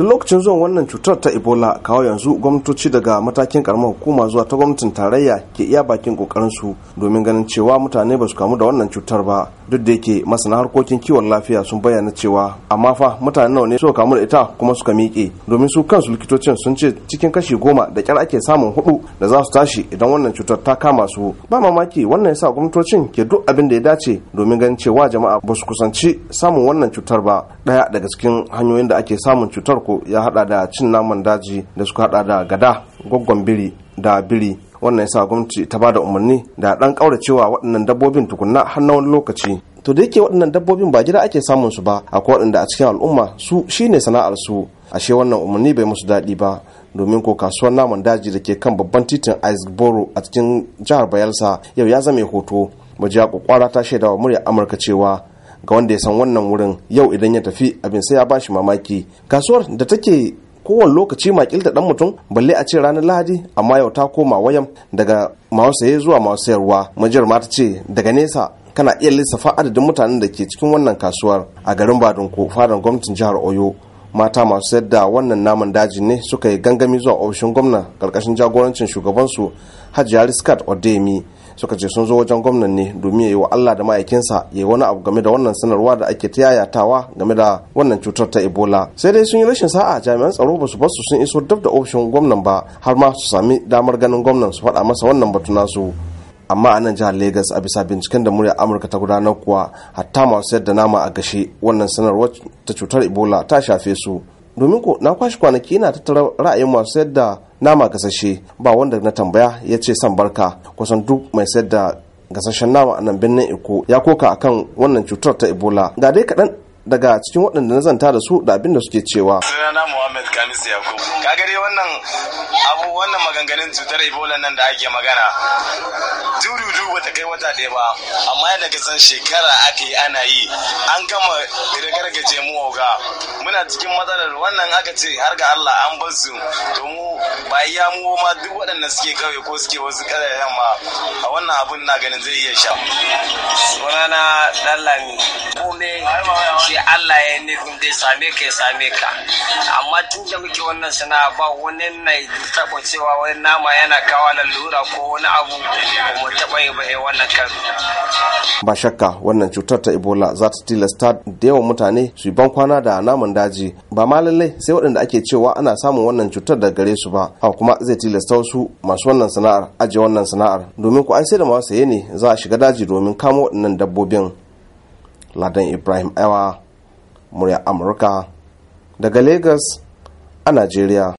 tun lokacin zuwan wannan cutar ta ebola kawo yanzu gwamnatoci daga matakin karamar hukuma zuwa ta gwamnatin tarayya ke iya bakin kokarin su domin ganin cewa mutane ba su kamu da wannan cutar ba duk da yake masana harkokin kiwon lafiya sun bayyana cewa amma fa mutane nawa ne suka kamu da ita kuma suka miƙe domin su kansu likitocin sun ce cikin kashi goma da kyar ake samun hudu da za su tashi idan wannan cutar ta kama su ba mamaki wannan yasa gwamnatocin ke duk abin da ya dace domin ganin cewa jama'a ba su kusanci samun wannan cutar ba daya daga cikin hanyoyin da ake samun cutar farko ya hada da cin naman daji da suka hada da gada gwaggon biri da biri wannan yasa gwamnati ta bada umarni da dan cewa waɗannan dabbobin tukunna har na wani lokaci to da yake waɗannan dabbobin ba gida ake samun su ba akwai waɗanda a cikin al'umma su shine sana'ar su ashe wannan umarni bai musu daɗi ba domin ko kasuwar naman daji da ke kan babban titin Iceboro a cikin jihar Bayelsa yau ya zama hoto. Mujiya kwakwara ta shaidawa murya Amurka cewa ga wanda ya san wannan wurin yau idan ya tafi abin sai ya bashi mamaki kasuwar da take kowane lokaci makil da dan mutum balle a ce ranar lahadi amma yau ta koma wayan daga masu saye zuwa masu sayarwa majiyar ma ta ce daga nesa kana iya lissafa adadin mutanen da ke cikin wannan kasuwar a garin ko fadan gwamnatin jihar oyo mata masu sayar da wannan naman dajin ne suka yi gangami zuwa ofishin gwamna karkashin jagorancin shugabansu hajiya riskat odemi suka ce sun zo wajen gwamnan ne domin ya yi wa allah da ma'aikinsa ya yi wani abu game da wannan sanarwa da ake ta yayatawa game da wannan cutar ta ebola sai dai sun yi rashin sa'a jami'an tsaro ba su basu sun iso dab da ofishin gwamnan ba har ma su sami damar ganin gwamnan su faɗa masa wannan batu nasu amma a nan jihar lagos a bisa binciken da murya amurka ta gudanar kuwa hatta masu sayar da nama a gashe wannan sanarwar ta cutar ebola ta shafe su domin ko na kwashi kwanaki yana tattara ra'ayin masu sayar da nama gasashe ba wanda na tambaya ya ce san barka kusan duk mai sayar da gasashen nama a nan birnin eko ya koka akan wannan cutar ta ebola ga dai kaɗan daga cikin waɗanda na zanta da su da abin da suke cewa sunana muhammad kamisu yakubu kaga dai wannan abu wannan maganganun cutar ebola nan da ake magana dududu bata kai wata ɗaya ba amma yadda ka san shekara aka yi ana yi an gama ragargaje mu ga muna cikin matsalar wannan aka ce har ga allah an bar su to mu bayan ya mu ma duk waɗanda suke kawai ko suke wasu ƙasashen yamma a wannan abin na ganin zai iya sha sunana dallami kome shi Allah ya nufin dai same ka ya same ka amma tun da muke wannan sana'a ba wani na taɓa cewa wani nama yana kawo lalura ko wani abu ba mu taɓa yi ba eh, wannan kan ba shakka wannan cutar ta ebola za ta tilasta da yawan mutane su yi ban kwana da naman daji ba ma lallai sai waɗanda ake cewa ana samun wannan cutar da gare su ba haka kuma zai tilasta wasu masu wannan sana'ar ajiye wannan sana'ar domin ku an sai da masu saye ne za a shiga daji domin kamo waɗannan dabbobin ladan ibrahim aiwa murya amurka daga lagos a najeriya